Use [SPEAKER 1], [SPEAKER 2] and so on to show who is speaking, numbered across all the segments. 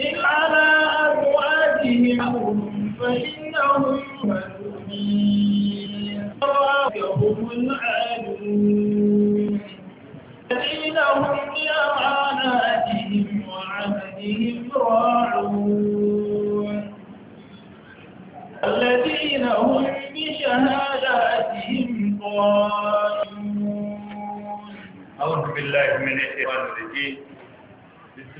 [SPEAKER 1] على أزواجهم فإنهم ملومين هم العالمين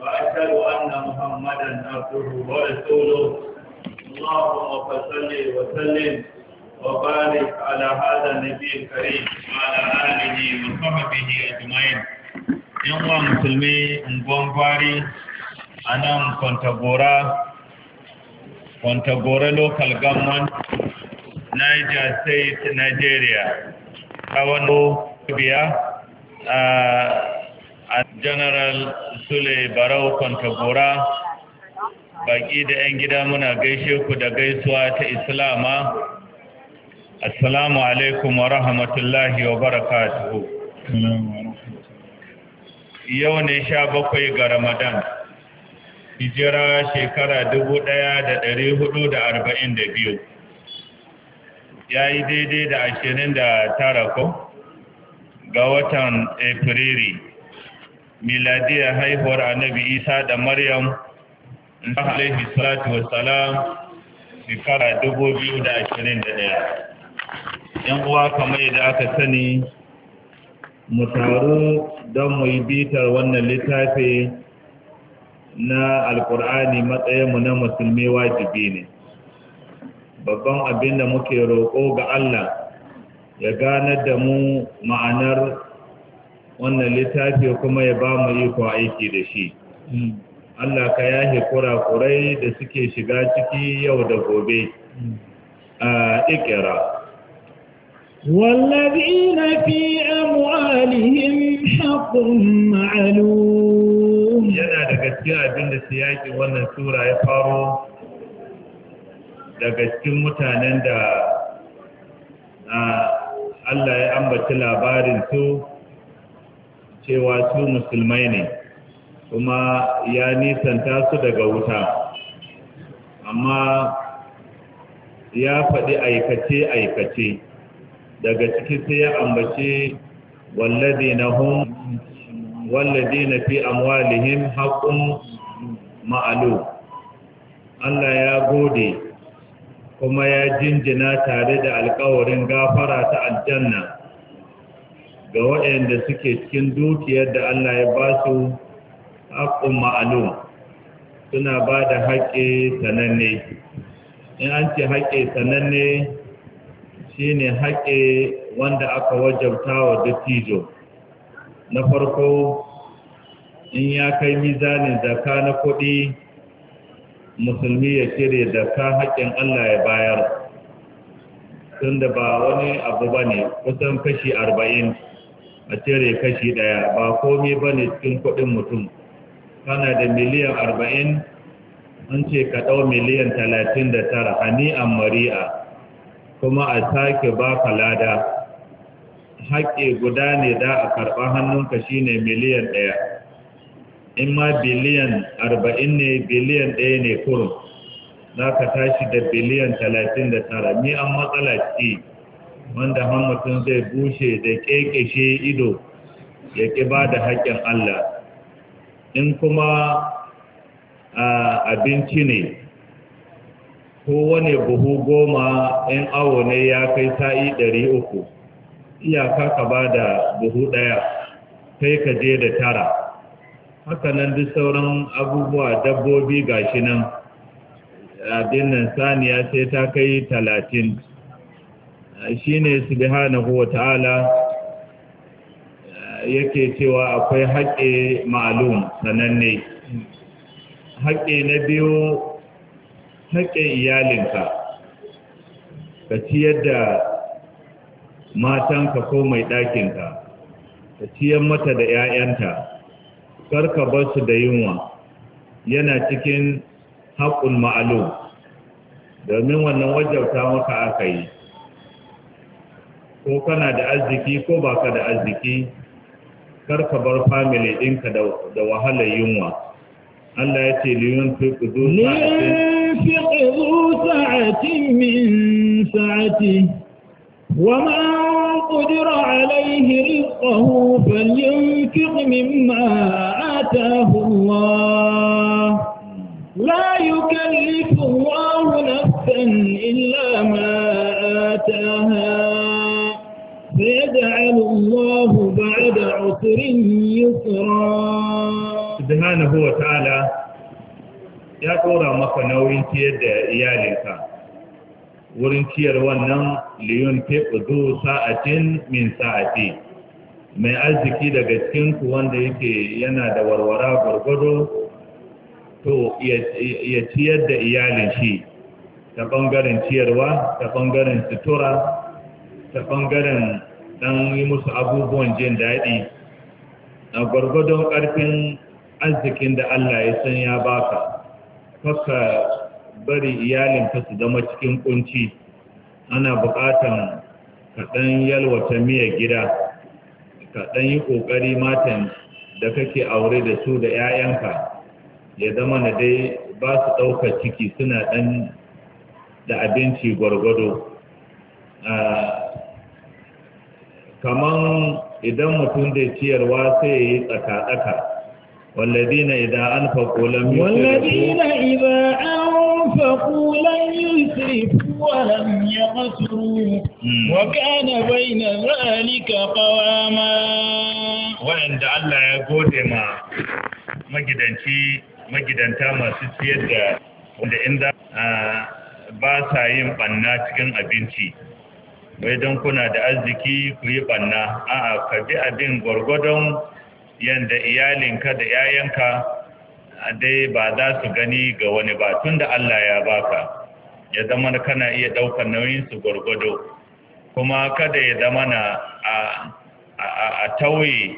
[SPEAKER 2] وأشهد أن محمدا عبده ورسوله اللهم صل وسلم وبارك على هذا النبي الكريم وعلى آله وصحبه أجمعين yanwa musulmi unguwan gwari a nan kwantagora local government niger state nigeria kawano biya uh, a general sule barau kwantagora baki da 'yan gida muna gaishe ku da gaisuwa ta islama assalamu alaikum wa rahmatullahi wa barakatuhu yau ne sha bakwai ga ramadan hijira shekara dubu ɗaya da ɗari hudu da arba'in da biyu ya yi daidai da ashirin da tara ko ga watan afiriri miladiyar haihuwar annabi isa da maryam na alaihi salatu wassalam shekara ɗaya. yan uwa kamar yadda aka sani mu taru don mu yi bitar wannan littafi na alkur'ani matsayinmu na musulmi wajibi ne babban abin da muke roƙo ga Allah ya ganar da mu ma'anar wannan littafi kuma ya ba mu iko aiki da shi hmm. Allah ka yahe kurakurai da suke shiga ciki yau da gobe hmm. a ikira
[SPEAKER 1] والذين
[SPEAKER 2] fi أموالهم
[SPEAKER 1] حق معلوم
[SPEAKER 2] yana daga cikin abin da yaƙi wannan sura ya faro daga cikin mutanen da Allah ya ambaci labarin su cewa su musulmai ne kuma ya nisanta su daga wuta amma ya faɗi aikace-aikace daga ciki sai ya ambace wallazi na hun wallazi na fi amwalihim haƙun ma'alu Allah ya gode kuma ya jinjina tare da alkawarin gafara ta aljanna ga waɗanda suke cikin dukiyar da Allah ya ba su haƙƙun ma'alum suna ba da haƙƙi sananne in an ce haƙƙi sananne shi ne haƙƙi wanda aka wajabta wa dattijo na farko in ya kai mizanin zaka na kuɗi musulmi ya kire zaka haƙƙin Allah ya bayar tun da ba wani abu ba ne kusan kashi arba'in a cire kashi ɗaya ba komi ba ne cikin kuɗin mutum kana da miliyan arba'in an ce ka ɗau miliyan talatin da tara hani'an mari'a kuma a sake ba ka lada haƙƙi guda ne da a karɓar hannunka shi ne miliyan ɗaya in ma biliyan arba'in ne biliyan ɗaya ne kurum za ka tashi da biliyan talatin da tara ni an matsala ce wanda mutum zai bushe da ƙeƙeshe ido ya ƙi ba da haƙƙin Allah in kuma abinci ne kowane buhu goma in awo ne ya kai sa'i ɗari uku iyaka ka ba da buhu ɗaya kai ka je da tara hakanan duk sauran abubuwa dabbobi gashi nan abin nan saniya sai ta kai talatin shi ne subhanahu wa ta'ala eh, yake cewa akwai haƙe ma'alum sananne haƙe na biyu haƙe iyalinka ka ciyar da matanka ko mai ɗakinka ka ciyar mata da 'ya'yanta karka bar su da yunwa yana cikin haƙun ma'alum domin wannan wajauta maka aka yi ko kana da arziki ko baka da arziki karka bar famili ɗinka da wahalar yunwa Allah ya ce liyun fi ƙudu
[SPEAKER 1] sa'atin min sa'ati wa ma qudira alayhi rizqahu falyunfiq mimma ataahu Allah la yukallifu Allahu nafsan illa ma ataaha فيجعل الله بعد عسر يسرا
[SPEAKER 2] سبحانه وتعالى ya tsora maka nauyin ciyar da iyalinka wurin ciyar wannan liyon teɓudu sa'atin min sa'ati mai arziki daga cikinku wanda yake yana da warwara gwargwado to ya ciyar da iyalin shi ta ɓangaren ciyarwa ta ɓangaren sutura ta bangaren ɗan yi musu abubuwan jin daɗi a gwargwadon ƙarfin arzikin da Allah ya san ya baka kaka bari iyalinka su zama cikin kunci ana buƙatan ka kaɗan yalwata miya gida ka kaɗan yi ƙoƙari matan da kake aure da su da 'ya'yanka ya zama na dai ba su ɗaukar ciki suna ɗan da abinci gwargwado ah, kaman idan mutum da ciyarwa sai ya yi tsaka-tsaka والذين إذا idan an يسرفوا والذين
[SPEAKER 1] إذا أنفقوا لم يسرفوا ولم
[SPEAKER 2] يقتروا magidanci magidanta masu ciyar da inda ah, ba sa yin banna cikin abinci wai don kuna da arziki ku yi ɓanna a'a ka bi abin gwargwadon yadda iyalinka da 'ya'yanka dai ba za su gani ga wani ba tun da Allah ya baka ya zama kana iya ɗaukar nauyinsu gwargwado kuma kada ya zama na a tauye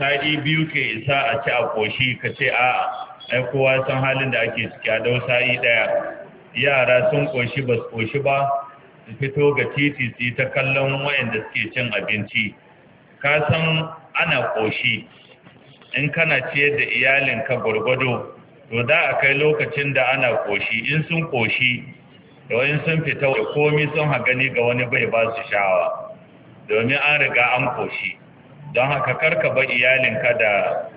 [SPEAKER 2] sa'i biyu ke isa a ci a koshi ka ce a'a ai kowa san halin da ake ciki a dau sa'i ɗaya yara sun ƙoshi ba su ƙoshi ba fito ga titi su ta kallon wayanda suke cin abinci ka san ana ƙoshi in kana ciyar da iyalinka gwargwado to za a kai lokacin da ana ƙoshi in sun ƙoshi da wani sun fita da komi sun hagani ga wani bai ba su shawa domin an riga an ƙoshi don haka karka ba iyalinka da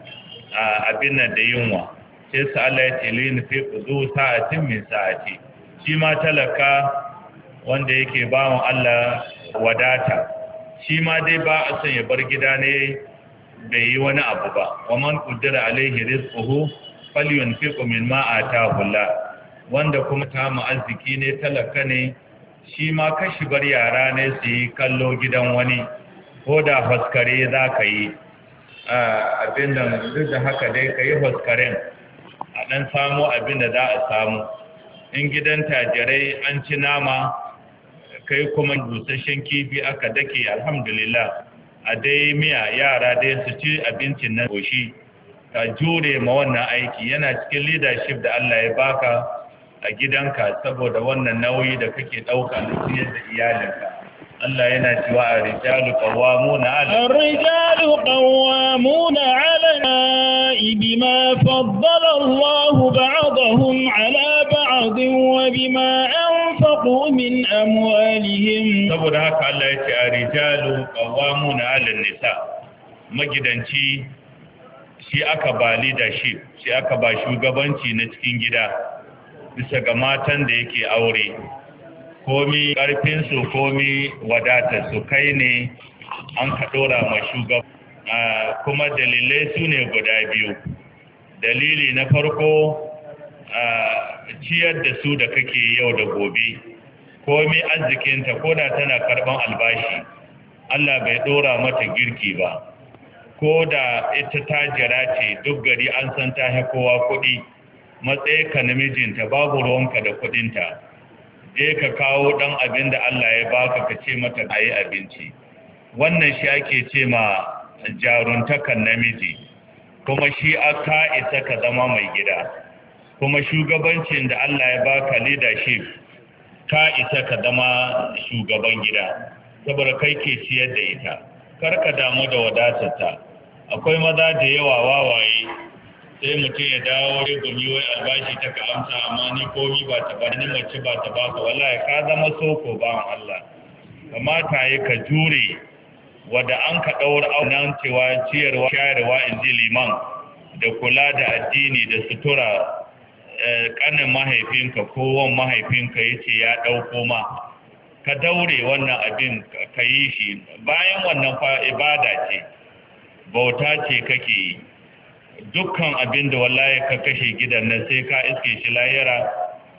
[SPEAKER 2] abin da yunwa sai su Allah ya ce fi ku zuwa sa'atin min sa'ati shi ma talaka wanda yake bawan Allah wadata shi ma dai ba a son ya bar gida ne bai yi wani abu ba wa man qaddara alaihi rizquhu falyunfiqu mimma ataahu Allah wanda kuma ta mu arziki ne talaka ne shi ma kashi bar yara ne su yi kallo gidan wani ko da faskare za ka yi abin da duk da haka dai ka yi faskaren a ɗan samu abin da za a samu in gidan tajirai an ci nama kai kuma busasshen kifi aka dake alhamdulillah a dai miya yara dai su ci abincin na goshi ka jure ma wannan aiki yana cikin leadership da Allah ya baka a gidanka saboda wannan nauyi da kake ɗauka na ciyar da iyalinka Allah yana cewa a rijalu qawwamuna 'ala
[SPEAKER 1] ar-rijalu qawwamuna 'ala bima faddala Allah ba'dahum 'ala ba'd wa bima anfaqu min amwalihim
[SPEAKER 2] saboda haka Allah ya ce a rijalu qawwamuna 'ala nisa magidanci shi aka ba leadership shi aka ba shugabanci na cikin gida bisa ga matan da yake aure komi ƙarfinsu komi su kai ne an ka ɗora ma shugaba kuma dalilai su ne guda biyu dalili na farko ciyar da su da kake yau da gobe komi arzikinta ko da tana karɓan albashi Allah bai ɗora mata girki ba ko da ita ta jira ce duk gari an san ta kowa kuɗi matsayi ka namijinta babu ruwanka da kuɗinta je ka kawo ɗan abin da Allah ya baka ka ce mata a yi abinci wannan shi ake ce ma jaruntakan namiji kuma shi aka isa ka zama mai gida kuma shugabancin da Allah ya baka leadership ka isa ka zama shugaban gida saboda kai ke ciyar da ita kar ka damu da wadatarta akwai maza da yawa wawaye sai mutum ya dawo ya gumi wai albashi ta ka amsa amma ni komi ba ta ba ni mace ba ta ba ka wallahi ka zama soko ba Allah kamata ya ka jure wadda an ka ɗaura nan cewa ciyarwa shayarwa in ji liman da kula da addini da sutura eh, ƙanin mahaifinka wan mahaifinka ya ce ya ɗauko ma ka daure wannan abin ka yi shi bayan wannan ibada ce bauta ce kake yi dukkan abin da wallahi ka kashe gidan nan sai ka iske shi layara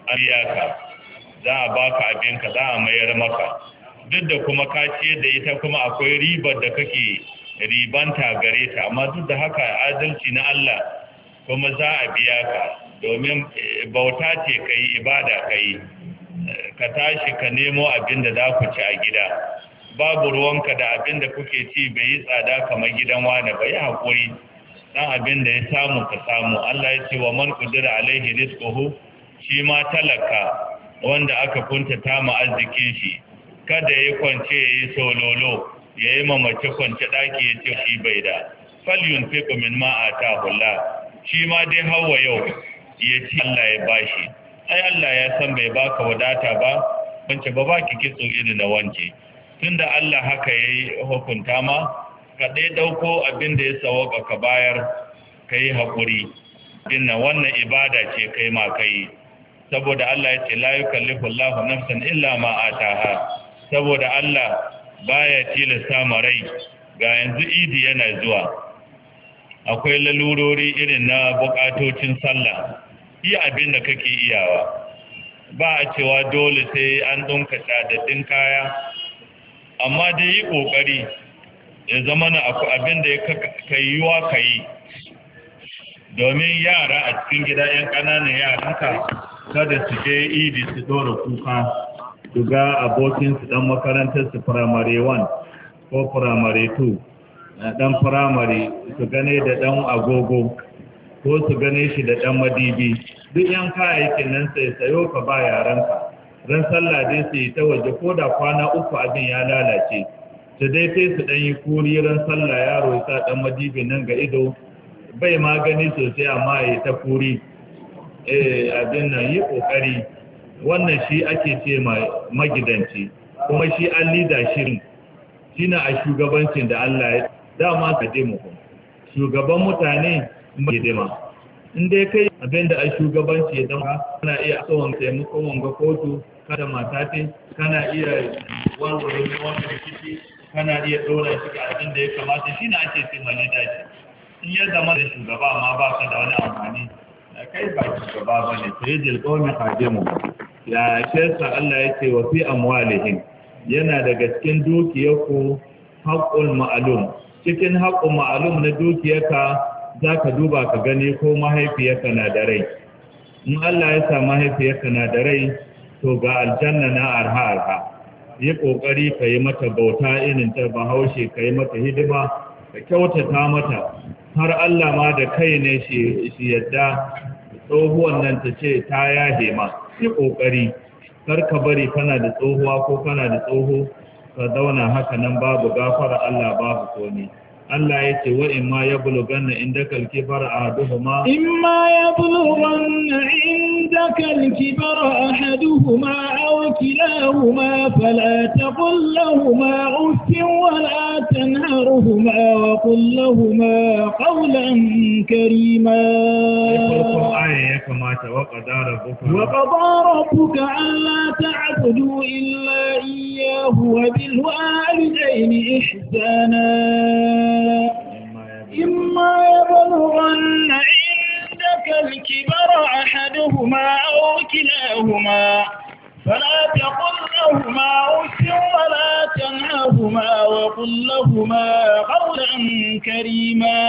[SPEAKER 2] aliyaka za a baka abinka za a mayar maka duk da kuma ka ce da ita kuma akwai ribar da kake ribanta gare ta amma duk da haka adalci na Allah kuma za a biya ka domin eh, bauta ce ka yi ibada ka yi ka tashi ka nemo abin da za ku ci a gida babu ruwanka da abin da kuke ci bai yi tsada kamar gidan wane ba yi haƙuri dan abin da ya samu ka samu Allah ya ce wa man kudira alaihi rizquhu shi ma talaka wanda aka kuntata ma arzikin shi kada ya kwance yayi sololo yayi mamace kwance daki ya ce shi bai da Fal yunfiqu min ma atahu Allah shi ma dai hawa yau ya ci Allah ya bashi ai Allah ya san bai baka wadata ba wance ba baki kitso irin na wance tunda Allah haka yayi hukunta ma ka ɗaya ɗauko abin da ya sawaka ka bayar ka yi haƙuri inna wannan ibada ce kai ma ka yi saboda Allah ya ce la yukallifu Allahu nafsan illa ma ataha saboda Allah baya tilasta ma rai ga yanzu idi yana zuwa akwai lalurori irin na buƙatocin sallah Yi abin da kake iyawa ba a cewa dole sai an dunka ɗin kaya amma dai yi ƙoƙari. ya zama na abin da ya yiwa ka yi domin yara a cikin gida 'yan ƙananan yaraka. kada su je idi su dora kuka su ga su ɗan makarantar su firamare 1 ko firamare 2 ɗan firamare su gane da ɗan agogo ko su gane shi da ɗan madibi duk 'yan kayayyakin nan sai sayo ka ba yaran ka. ran sallah dai su yi ta waje ko da kwana uku abin ya lalace su dai sai su ɗan yi kuriran sallah yaro ya sa ɗan madibi nan ga ido bai magani sosai amma ya ta kuri eh abin nan yi ƙoƙari wannan shi ake ce magidanci kuma shi an lida shirin shi na a shugabancin da Allah ya dama ka je mu shugaban mutane magidima in dai kai abinda a shugabanci ya dama kana iya tsohon taimakon wanga kotu kada mata kana iya wanzu wani rikici kana iya ɗora shi ga abin da ya kamata shi na ake sai mani daji? in ya zama da shugaba ma ba ka da wani amfani da kai ba shugaba ba ne to yi sai jilƙomi hadimu ya shesa Allah ya ce wa fi yana daga cikin dukiyarku haƙƙun ma'alum cikin haƙƙun ma'alum na dukiyarka za ka duba ka gani ko mahaifiyarka na da rai in Allah ya sa mahaifiyarka na da rai to ga aljanna na arha arha yi ƙoƙari ka yi mata bauta irin ta bahaushe ka yi mata hidima ka kyautata mata har Allah ma da kai ne shi yadda tsohuwan nan ta ce ta ya ma yi ƙoƙari kar ka bari kana da tsohuwa ko kana da tsoho ka zauna haka nan babu gafara Allah babu komi. Allah ya ce wa imma ya bulugan na inda kalki bara a haduhuma?
[SPEAKER 1] Imma ya bulugan na inda kalki bara a haduhuma a wakilahuma falata kullahuma ufin walatan haruhuma wa kullahuma ƙaunan karima. Farkon
[SPEAKER 2] aya ya kamata wa ƙadara buka. Wa ƙadara buka Allah ta abudu
[SPEAKER 1] illa iyahu wa bilwa alijaini ihsana. إما يبلغن عندك الكبر أحدهما أو كلاهما فلا تقل لهما أف ولا تنهاهما وقل لهما قولا كريما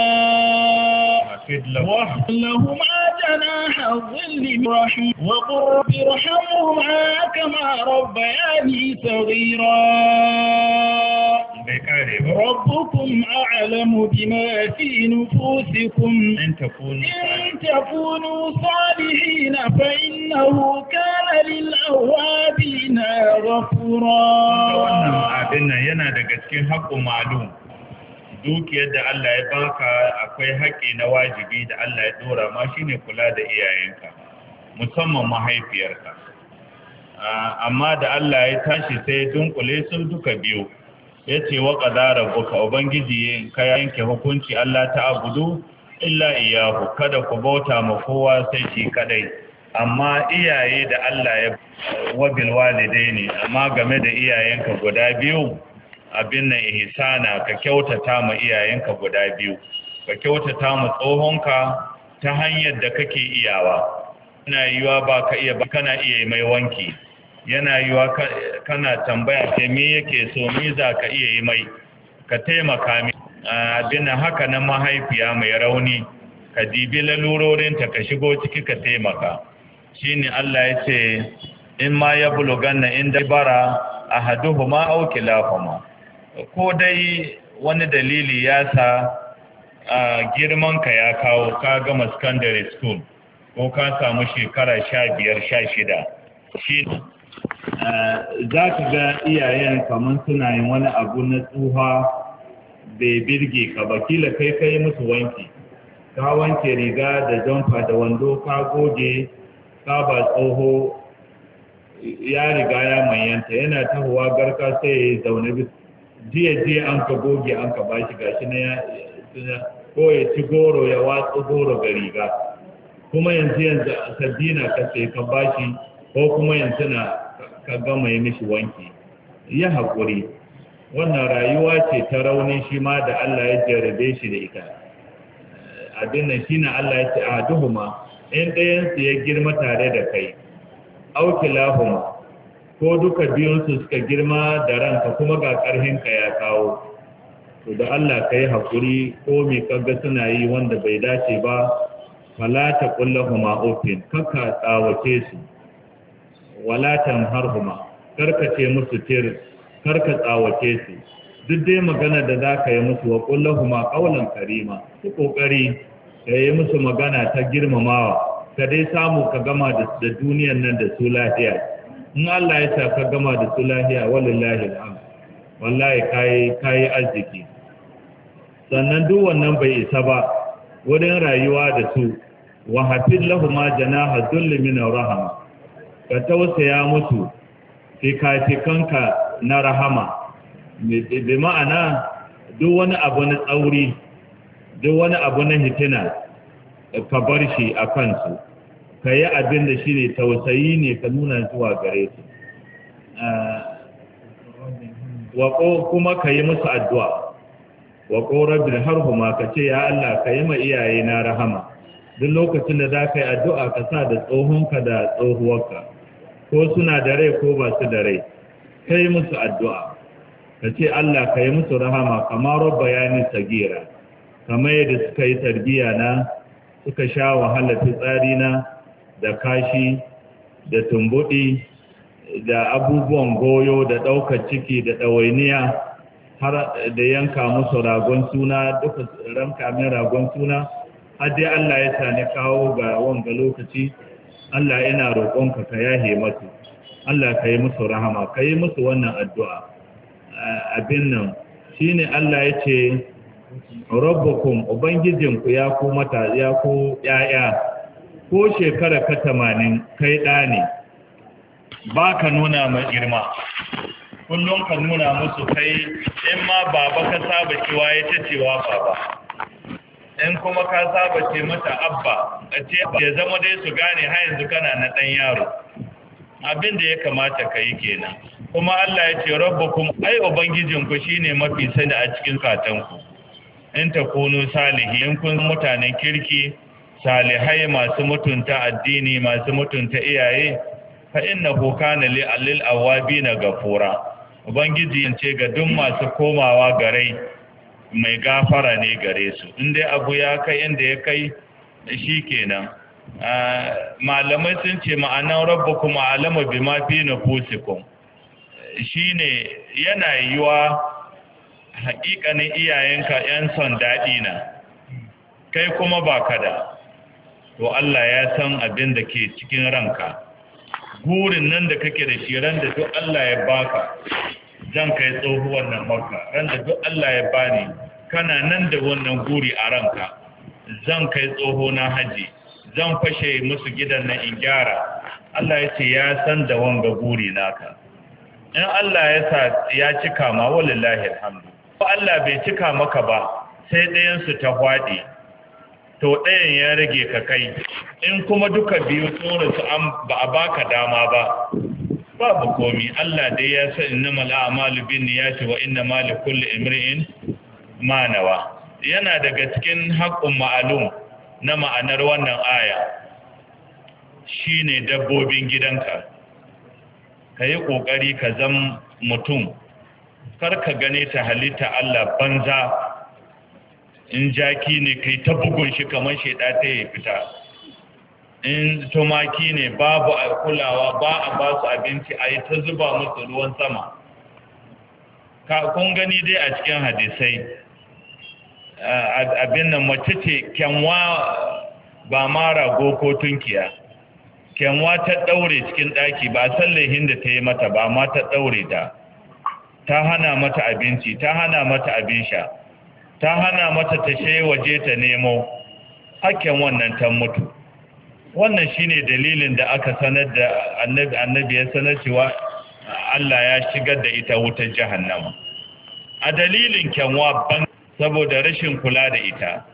[SPEAKER 1] واحفظ لهما جناح الظل برحمة وقل رب ارحمهما كما ربياني صغيرا ربكم أعلم بما في نفوسكم إن تكونوا, إن تكونوا صالحين فإنه كان للأواب بنا wannan
[SPEAKER 2] abin nan yana daga cikin haƙƙo malum dukiyar da Allah ya baka akwai haƙƙi na wajibi da Allah ya dora ma shine kula da iyayenka musamman mahaifiyarka amma da Allah ya tashi sai dunkule sun duka biyu ya ce wa ƙazara buka ubangiji ka yanke hukunci Allah ta abudu illa iyahu kada ku bauta ma kowa sai shi kadai amma iyaye da Allah ya wabil ne. amma game da iyayenka guda biyu abin nan ihsana ka kyautata ma iyayenka guda biyu ka kyautata ma tsohonka ta hanyar da kake iyawa yana yiwa ba ka iya ba kana iya mai wanki yana yiwa kana tambaya ke me yake so me za ka iya yi mai ka taimaka mi abin haka na mahaifiya mai rauni ka dibi lalurorinta ka shigo ciki ka taimaka shine Allah ya ce in ma ya in inda bara a ma auki kilahuma ko dai wani dalili ya sa girman ka ya kawo ka gama secondary school ko ka samu shekara sha biyar sha shida shi za ka ga iyayen kamar suna yin wani abu na tsuha bai birge ka ba kila kai kai musu wanki ka wanke riga da jamfa da wando ka goge kaba tsoho ya riga ya manyanta yana tahowa garka sai ya zaune jiya jiya an ka goge an ka bashi gashi na ya ko ya ci goro ya watsa goro ga riga kuma yanzu yanzu sardina ka sai ka bashi ko kuma yanzu na ka gama ya mishi wanki ya haƙuri wannan rayuwa ce ta rauni shi ma da Allah ya jarabe shi da ita abin nan shi na Allah ya ce a ma. in ɗayansu ya girma tare da kai lahuma. ko duka biyunsu suka girma da ranka kuma ga ƙarhinka ya kawo to da Allah ka yi haƙuri ko mai kaga suna yi wanda bai dace ba fala ta ƙulla huma ofin kaka tsawace su wala tanharhuma karkace musu tir karka tsawace su duk dai magana da za ka yi musu wa huma ƙaunan karima su ƙoƙari. ka yi musu magana ta girmamawa ka dai samu ka gama da duniyan nan da su lafiya in Allah ya sa ka gama da su lafiya wallahi alhamd wallahi kai kai arziki sannan duk wannan bai isa ba wurin rayuwa da su wa hafid lahuma janaha dhulli min rahama ka tausaya musu fikafikanka na rahama bi ma'ana duk wani abu na tsauri duk wani abu na hitina ka bar shi a kansu ka yi abin da shi ne tausayi ne ka nuna zuwa gare su waƙo kuma ka yi musu addu'a waƙo rabin har huma ka ce ya Allah ka yi ma iyaye na rahama duk lokacin da za ka yi addu'a ka sa da tsohonka da tsohuwarka ko suna da rai ko ba su da rai ka yi musu addu'a ka ce Allah ka yi musu rahama kamar rabba ya ni sagira kamar yadda suka yi tarbiya na suka sha wahala fitsari na da kashi da tumbuɗi da abubuwan goyo da ɗaukar ciki da ɗawainiya har da yanka musu ragon suna duka ranka min ragon suna har dai Allah ya sani kawo ga wanga lokaci Allah ina roƙonka ka yahe masu Allah ka yi musu rahama ka yi musu wannan addu'a abin nan shine Allah ya ce rabbakum ku ya ku mata ya ku yaya ko shekara ka tamanin kai ɗa ne ba ka nuna mai girma kullum ka nuna musu kai in ma baba ka saba cewa ya ta cewa baba in kuma ka saba ce mata abba a ce ya zama dai su gane har yanzu kana na ɗan yaro abin da ya kamata ka yi kenan kuma Allah ya ce rabbukum ai ubangijin ku shine mafi sani a cikin katanku in kunu salihi in kun mutanen kirki salihai masu mutunta addini masu mutunta iyaye fa hu kana li alil awabina gafura ubangiji ce ga duk masu komawa gare mai gafara ne gare su in dai abu ya kai inda ya kai shi kenan. Ah, malamai sun ce ma'anan rabbukum Alama bima fi nufusikum shine yana yiwa haƙiƙanin iyayenka 'yan son daɗi na kai kuma ba ka da to Allah ya san abin da ke cikin ranka gurin nan da kake da shi ran da duk Allah ya baka zan kai tsohuwar nan maka ran da duk Allah ya bani kana nan da wannan guri a ranka zan kai tsoho na haji zan fashe musu gidan na in gyara Allah ya ce ya san da wanga guri naka in Allah ya sa ya cika ma wallahi alhamdu Allah bai cika maka ba sai ɗayansu ta hwaɗe to ɗayan ya rage ka kai in kuma duka biyu an ba a baka dama ba babu komi Allah dai ya sa inna mal'amalu bin niyati wa inna mali kulli manawa yana daga cikin haƙƙun ma'alum na ma'anar wannan aya shine dabbobin gidanka ka yi ƙoƙari ka zama mutum kar ka gane ta halitta Allah banza in jaki ne kai ta bugun shi kamar sheda ta yi fita in tumaki ne babu a kulawa ba a ba su abinci a yi ta zuba musu ruwan sama ka kun gani dai a cikin hadisai abin nan mace ce kyanwa ba ma rago ko tunkiya kyanwa ta ɗaure cikin ɗaki ba sallahin da ta yi mata ba ma ta ɗaure ta ta hana mata abinci ta hana mata abin sha ta hana mata ta waje ta nemo hakken wannan ta mutu wannan shine dalilin da aka sanar da annabi annabi ya sanar cewa Allah ya shigar da ita wutar jahannama a dalilin kyanwa ban saboda rashin kula da ita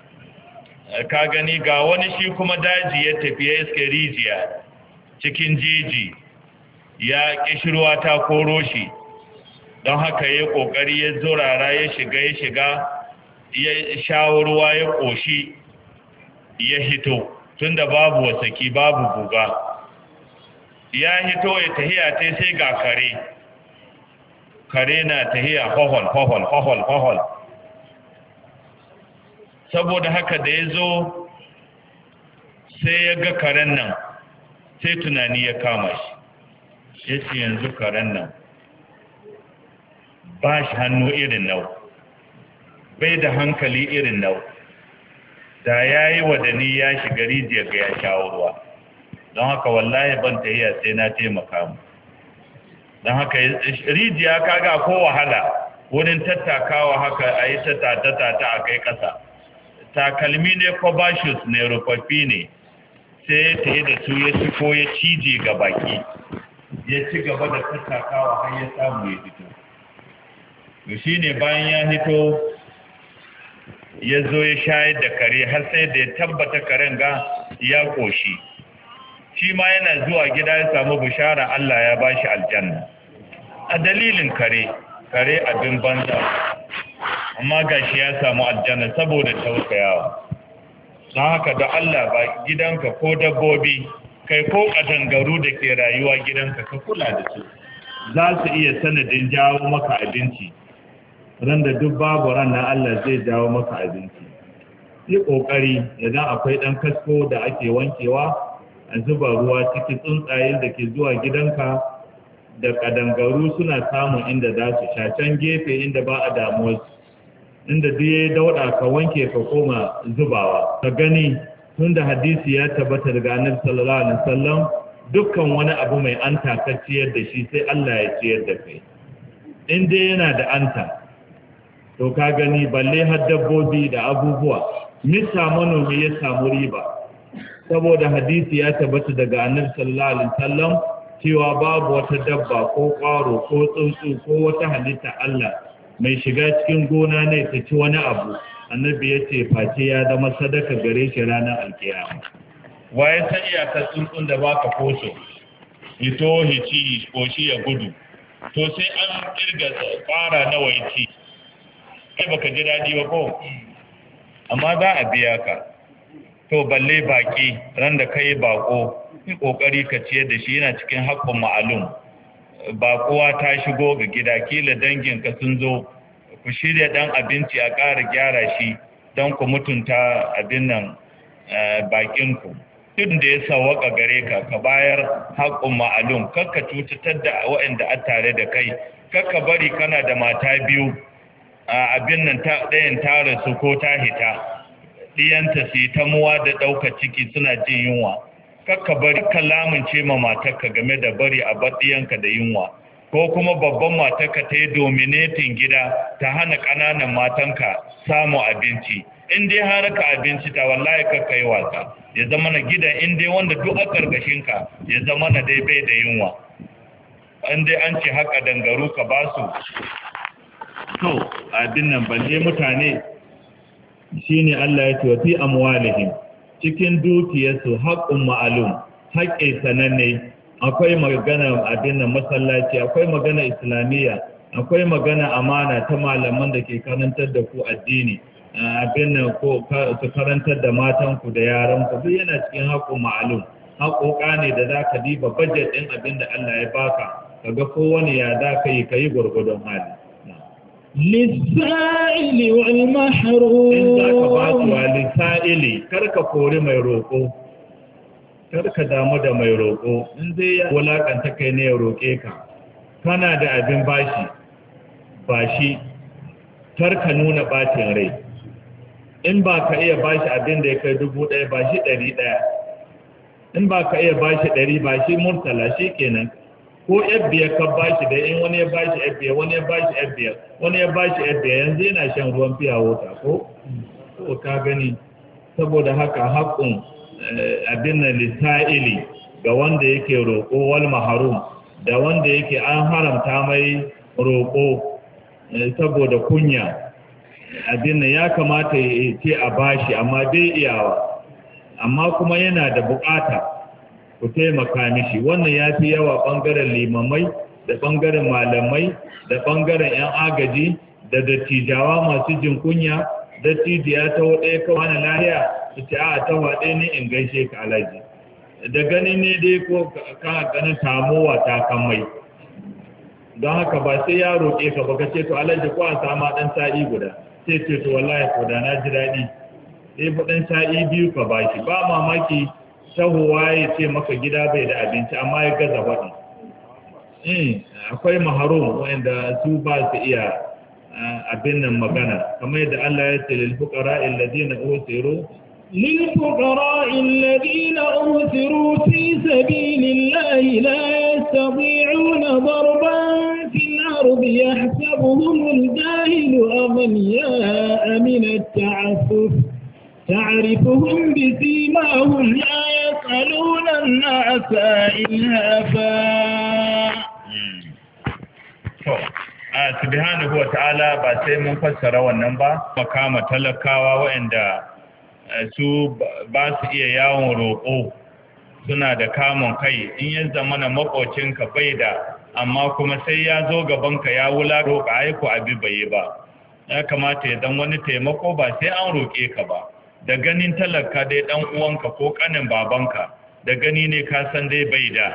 [SPEAKER 2] ka gani ga wani shi kuma daji ya tafi iske rijiya cikin jeji ya kishirwa ta koro shi don haka ya ƙoƙari ya zurara ya shiga ya shiga ya shawarwa ya ƙoshi ya hito tunda babu wasaki babu guga ya hito ya tahiya ta sai ga kare kare na tahiya hohol hohol hohol hohol saboda haka da ya zo sai ya ga karen nan sai tunani ya kama shi ya ce yanzu karen nan ba shi hannu irin nau bai da hankali irin nau da ya yi wadani ya shiga rijiyar ga ya shawo don haka wallahi ban tahiya sai na taimaka mu don haka rijiya kaga ko wahala wurin tattakawa haka a yi tatatata a kai ƙasa takalmi ne cobashius ne rufaffi ne sai ta yi da su ya ci ko ya cije ga baki ya ci gaba da tattakawa har ya samu ya fito to ne bayan ya hito ya zo ya shayar da kare har sai da ya tabbata karen ga ya koshi shi ma yana zuwa gida ya samu bishara Allah ya ba shi aljanna a dalilin kare kare abin banza amma gashi ya samu aljanna saboda tausayawa don haka da Allah ba gidanka ko dabbobi kai ko ƙadangaru da ke rayuwa gidanka ka kula da su za su iya sanadin jawo maka abinci ran da duk babu ran na Allah zai jawo maka abinci yi kokari idan akwai dan kasko da ake wankewa a zuba ruwa ciki tsuntsaye da ke zuwa gidanka da kadangaru suna samun inda za su sha gefe inda ba a damuwa inda duk ya dauda ka wanke ka koma zubawa ka gani tunda da hadisi ya tabbata daga annabi sallallahu alaihi wasallam dukkan wani abu mai anta ka ciyar da shi sai Allah ya ciyar da kai in dai yana da anta to ka gani balle har dabbobi da abubuwa mista manomi ya samu riba saboda hadisi ya tabbata daga annabi sallallahu alaihi cewa babu wata dabba ko kwaro ko tsuntsu ko wata halitta Allah mai shiga cikin gona ne ta ci wani abu annabi ya ce face ya zama sadaka gare shi ranar alkiyama waye san iyakar tsuntsun da baka koso hito hici shi ya gudu to sai an kirga tsara na waiti kai baka ji daɗi ba ko amma za a biya ka to balle baki ran da kai bako yi kokari ka ciyar da shi yana cikin haƙƙin ma'alum baƙuwa ta shigo ga gida kila dangin ka sun zo ku shirya dan abinci a ƙara gyara shi don ku mutunta abin nan eh, bakin ku duk da ya sawaka gare ka ka bayar haƙƙin ma'alum kakka cutatar da waɗanda a tare da kai kakka bari kana da mata biyu abin nan ɗayan ta rasu ko ta hita ɗiyanta su yi tamuwa da ɗaukar ciki suna jin yunwa kakka bari kalamin ce ma matarka game da bari a baɗiyanka da yunwa ko kuma babban matarka ta yi dominatin gida ta hana ƙananan matanka samun abinci in dai har ka abinci ta wallahi kakka yi wasa ya zama na gidan in dai wanda duk a ka. ya zama na dai bai da yunwa in dai an ce haka dangaru ka basu kau abin nan balle mutane shi ne Allah ya ce wa amwalihim cikin dukiyarsu haƙƙun ma'alum haƙƙe sananne akwai magana abin masallaci akwai magana islamiyya akwai magana amana ta malaman da ke karantar da ku addini abin nan ko su karantar da matanku da yaranku duk yana cikin haƙƙun ma'alum haƙoƙa ne da za ka diba bajet ɗin abin da Allah ya baka kaga kowane ya za ka yi ka yi gwargwadon hali
[SPEAKER 1] lissa'ili wal mahrum in za ka ba
[SPEAKER 2] lissa'ili karka kori mai roƙo karka damu da mai roƙo in zai yi wulaƙanta kai ne ya roƙe ka kana da abin bashi bashi karka nuna bacin rai in ba ka iya bashi abin da ya kai dubu ɗaya bashi ɗari ɗaya in ba ka iya bashi ɗari bashi murtala shi kenan ko FBA ka bashi da in wani ya bashi FBA wani ya bashi FBA wani ya bashi FBA yanzu yana shan ruwan fiya wota ko ko ka gani saboda haka haƙƙun eh, abin na lisa'ili ga wanda yake roƙo wal maharum da wanda yake an haramta mai roƙo eh, saboda kunya abin ya kamata ya ce a bashi amma bai iyawa amma kuma yana da buƙata ku taimaka mishi wannan ya fi yawa ɓangaren limamai da ɓangaren malamai da ɓangaren 'yan agaji da dattijawa masu jin kunya dattijiya ta waɗe kawai na lahiya su ce a ta waɗe ne in gaishe ka alaji da gani ne dai ko ka ganin tamowa ta kan mai don haka ba sai ya roƙe ka ba ka ce to alaji ko a sama ɗan sa'i guda sai ce to wallahi ko da na ji daɗi sai ɗan sa'i biyu ka bashi. ba mamaki shahuwa ya ce maka gida bai da abinci amma ya gaza faɗi akwai maharum wanda su ba su iya abin nan magana kamar yadda Allah ya ce lil fuqara alladhina usiru للفقراء الذين أوثروا في سبيل الله
[SPEAKER 1] لا يستطيعون ضربا في الأرض يحسبهم الجاهل أغنياء من التعفف تعرفهم بسيماهم لا يسألون الناس
[SPEAKER 2] إلهافا subhanahu wa ta'ala ba sai mun fassara wannan ba makama talakawa waɗanda su ba su iya yawon roƙo suna da kamun kai in ya zamana makocinka bai da amma kuma sai ya zo gabanka ya wula roƙa aiko abi bai ba ya kamata ya dan wani taimako ba sai an roƙe ka ba da ganin talaka dai dan uwanka ko kanin babanka da gani ne ka san dai bai da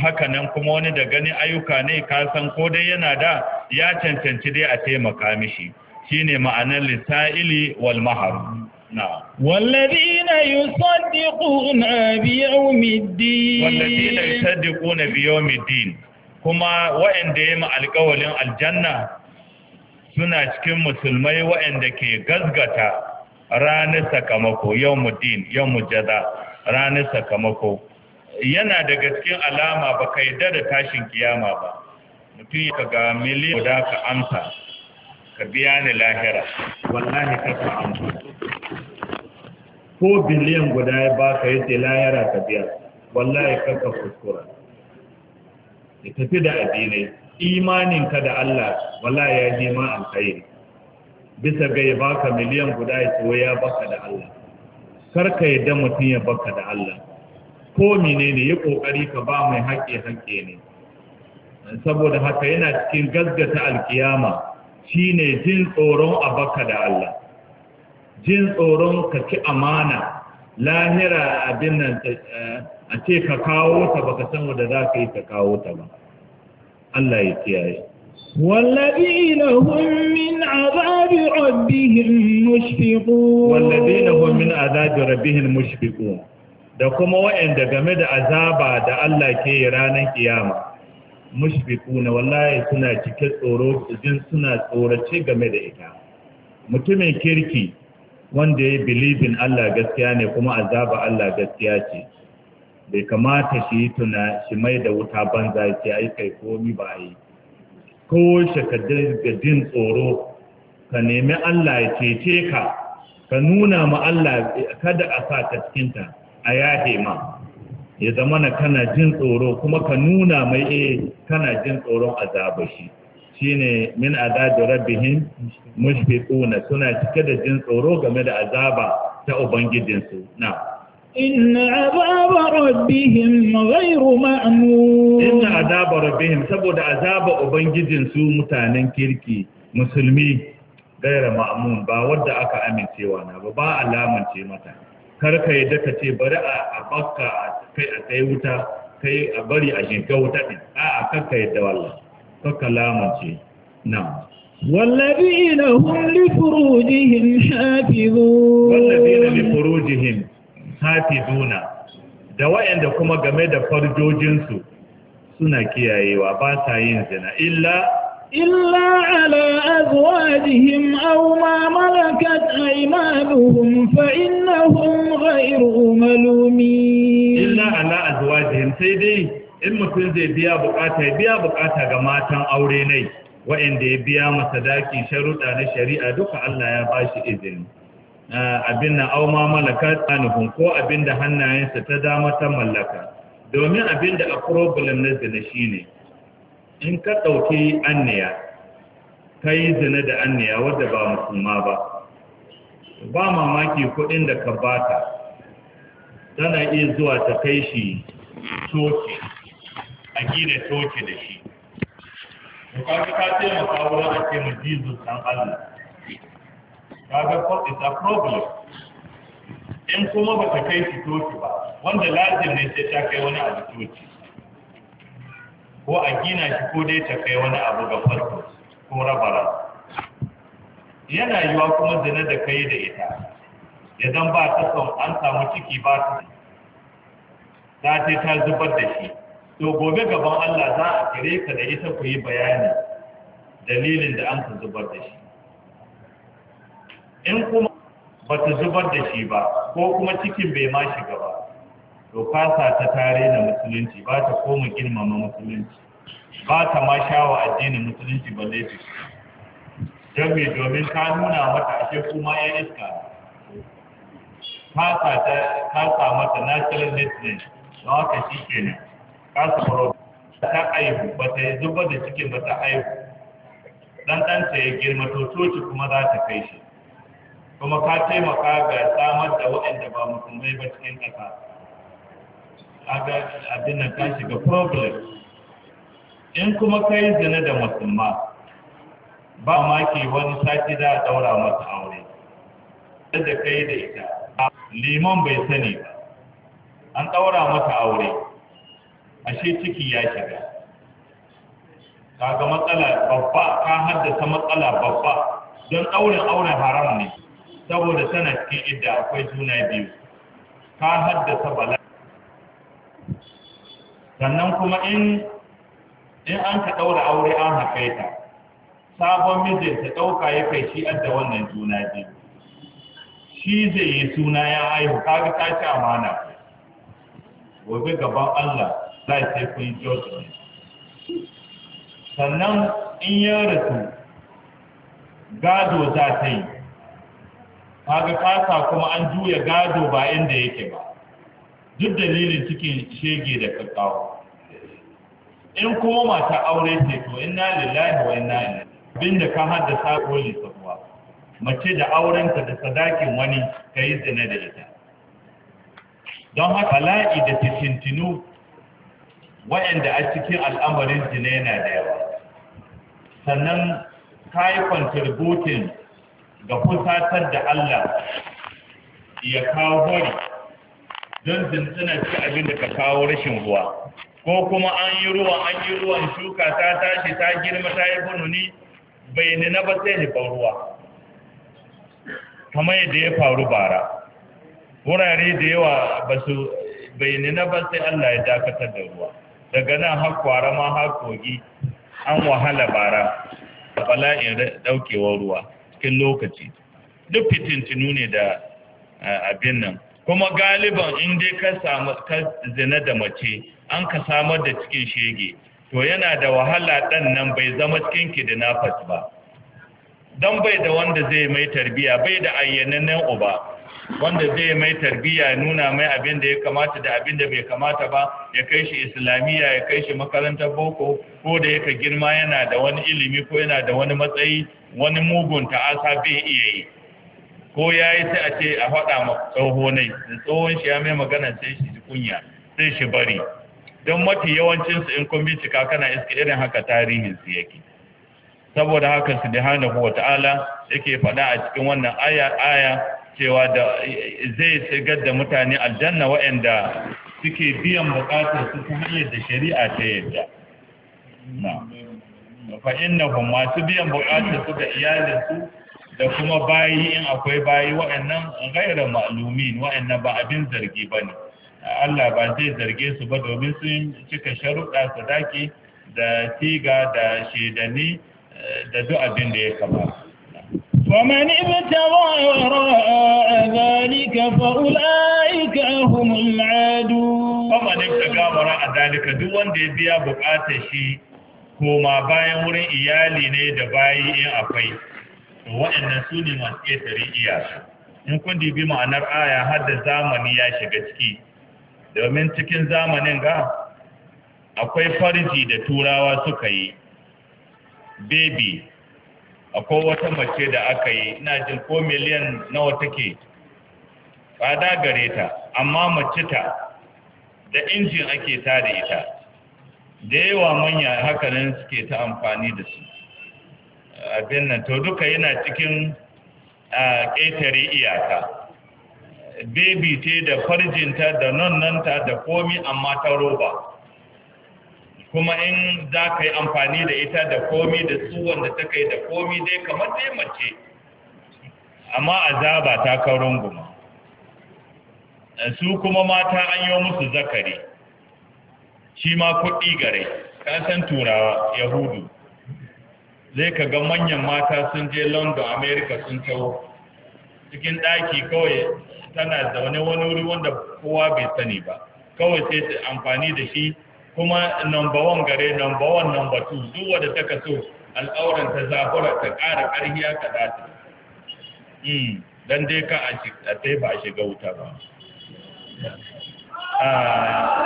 [SPEAKER 2] haka nan kuma wani da gani ayyuka ne ka san ko dai yana da ya cancanci dai a taimaka mishi shine ma'anar lisa'ili wal mahar نعم
[SPEAKER 1] والذين يصدقون بيوم الدين والذين
[SPEAKER 2] يصدقون بيوم الدين كما وإن ديما القول الجنة suna cikin musulmai waɗanda ke gazgata ranar sakamako yau din yau mujada ranar sakamako yana daga cikin alama ba ka yadda da tashin kiyama ba mutum ya ga miliyan guda ka amsa ka biya ni lahira wallahi ka ka amsa ko biliyan guda ya ba ka yace lahira ka biya wallahi ka ka kuskura ya tafi da addinai ka da Allah wallahi ya ji ma alkhairi bisa ga ya baka miliyan guda ya ce ya baka da Allah kar ka yadda mutum ya baka da Allah ko menene ya kokari ka ba mai haƙe haƙe ne saboda haka yana cikin gaggata alkiyama shine jin tsoron a baka da Allah jin tsoron ka ci amana lahira abin nan eh, a ce ka kawo ta baka san wanda za ka yi ka kawo ta ba Allah ya kiyaye والذين
[SPEAKER 1] هم من عذاب ربهم مشفقون والذين هم من عذاب
[SPEAKER 2] ربهم مشفقون da kuma waɗanda game da azaba da Allah ke ranar kiyama mushfiquna wallahi suna cike tsoro jin suna tsorace game da ita mutumin kirki wanda ya believe Allah gaskiya ne kuma azaba Allah gaskiya ce bai kamata shi tuna shi mai da wuta banza ce ai kai komi ba yi toshe ka daga jin tsoro ka nemi Allah ya cece ka ka nuna ma Allah kada a sa ka cikinta a yahe ma ya zama na kana jin tsoro kuma ka nuna mai e kana jin tsoron azaba shi shine min azabi rabbihim mushfiquna suna cike da jin tsoro game da azaba ta ubangijinsu na'am
[SPEAKER 1] إن عذاب ربهم غير مأمون إن عذاب
[SPEAKER 2] ربهم سبود عذاب أبنجدن سو متانن كيركي مسلمي غير مأمون با ودا أكا أمن تيوانا با علامن تيمتا karka yadda ka ce bari a bakka kai a kai wuta kai a bari a shiga wuta din a a kakka yadda wallah ka lamance na
[SPEAKER 1] wallazina hum li furujihim hafizun
[SPEAKER 2] wallazina li hafizuna da wayanda kuma game da farjojinsu suna kiyayewa ba sa yin zina illa
[SPEAKER 1] illa ala azwajihim aw ma malakat aymanuhum fa innahum ghayru malumin illa ala
[SPEAKER 2] azwajihim sai dai in mutum zai biya bukata ya biya bukata ga matan aure nai wa'anda ya biya masa daki sharuɗa na shari'a duka Allah ya bashi izini abin na auma malaka tsanihun ko abin da hannayensa ta dama ta mallaka domin abin da a problem na zina shi ne in ka ɗauki anniya ka yi zina da anniya wadda ba musulma ba ba mamaki kuɗin da ka bata tana iya zuwa ta kai shi toki a gina coci da shi bukatu ka taimaka wurin a ce mu jizu allah kaga ko is a problem in kuma baka kai shi toci ba wanda lazim ne sai ta kai wani abu toci ko a gina shi ko dai ta kai wani abu ga farko ko rabara yana yiwa kuma zina da kai da ita ya zan ba ta son an samu ciki ba ta ta ce ta zubar da shi to gobe gaban Allah za a kire ka da ita ku yi bayani dalilin da an ka zubar da shi in kuma ba ta zubar da shi ba ko kuma cikin bai ma shiga ba to fasa ta tare da musulunci ba ta koma girmama musulunci ba ta ma shawa addinin musulunci ba zai don jami domin ta nuna mata ashe kuma ya iska kasa mata natural listening na wata shi ke nan kasa faro ta aihu ba ta yi zubar da cikin ba ta aihu ɗanɗanta ya girma to coci kuma za ta kai shi kuma ka taimaka ga samar da waɗanda ba musulmai ba cikin ƙasa aga abin nan ta shiga problem in kuma ka yi zina da musulma ba ma ke wani sati za a ɗaura masa aure da ka yi da ita liman bai sani ba an ɗaura masa aure ashe ciki ya shiga kaga matsala babba ka haddasa matsala babba don ɗaurin auren haram ne saboda tana cikin idda akwai juna biyu ka haddasa bala sannan kuma in in an ka ɗaura aure an haife ta sabon mijin ta ɗauka ya kai shi adda wannan juna biyu shi zai yi suna ya aihu kaga ta ci amana gobe gaban Allah za ta kun sannan in ya rasu gado za ta yi kaga kasa kuma an juya gado ba inda yake ba duk dalilin cikin shege da kakkawo in kuma mata aure ce to inna lillahi wa inna ilaihi bin da ka haddasa koli sabuwa mace da aurenka da sadakin wani ka yi zina da ita don haka la'i da Tintinu. wa'anda a cikin al'amarin zina yana da yawa sannan ka yi contributing ga kusatar da Allah ya kawo hori don zintuna ci abin da ka kawo rashin ruwa ko kuma an yi ruwa an yi ruwan shuka ta tashi ta girma ta yi bununi bai nuna ba sai ban ruwa kamar yadda ya faru bara wurare da yawa ba su bai nuna ba sai Allah ya dakatar da ruwa daga nan har kwara ma har kogi an wahala bara da bala'in daukewar ruwa cikin lokaci duk fitintinu ne da abin nan kuma galiban in dai ka zina da mace an ka samar da cikin shege to yana da wahala ɗan nan bai zama cikin kidnappers ba don bai da wanda zai mai tarbiya bai da ayyanannen uba wanda zai mai tarbiyya nuna mai abin da ya kamata da abin da bai kamata ba ya kai shi islamiyya ya kai shi makarantar boko ko da yaka girma yana da wani ilimi ko yana da wani matsayi wani mugun ta'asa bai iya yi ko ya yi sai a ce a faɗa ma tsoho ne da tsohon shi ya mai magana sai shi kunya sai shi bari don mafi yawancinsu in kun bincika kana iska irin haka tarihin su yake saboda haka subhanahu wata'ala yake faɗa a cikin wannan aya aya cewa da zai shigar da mutane aljanna waɗanda suke biyan buƙatar su ta hanyar da shari'a ta yadda na fa'in na masu biyan buƙatar su ga iyalinsu da kuma bayi in akwai bayi waɗannan gairar ma'alumin waɗannan ba abin zargi ba ne Allah ba zai zarge su ba domin sun cika sharuɗa su sadaki da tiga da shaidani eh, da duk abin da ya kamata
[SPEAKER 1] فمن ابتغى وراء ذلك فأولئك هم العادون
[SPEAKER 2] فمن ابتغى وراء ذلك دون دي بيا بقاتشي كما باي ورين إيالي ني دباي إن أفاي وإن نسوني من إتري إياس in kun dibi ma'anar aya har da zamani ya shiga ciki domin cikin zamanin ga akwai farji da turawa suka yi baby akwai wata mace da aka yi ina jin ko miliyan nawa take tsada gare ta amma mace ta da injin ake ta da ita da yawa manya hakanan suke ta amfani da su abin nan to duka yana cikin ƙetare iyaka bebi ce da farjinta da nan ta da komi amma ta roba kuma in za ka yi amfani da ita da komi da tsuwon da ta kai da komi dai kamar dai mace amma azaba ta kaurin guma su kuma mata an yi musu zakari shi ma kuɗi gare san turawa yahudu zai ka ga manyan mata sun je london america sun taho cikin ɗaki kawai tana zaune wani wuri wanda kowa bai sani ba kawai sai amfani da shi kuma number one gare number one number two duk wadda ta kaso al'auran ta zafura ta ƙara ƙarhiya ka hmm, dace don dai ka a ta ba a shiga wuta ba ah,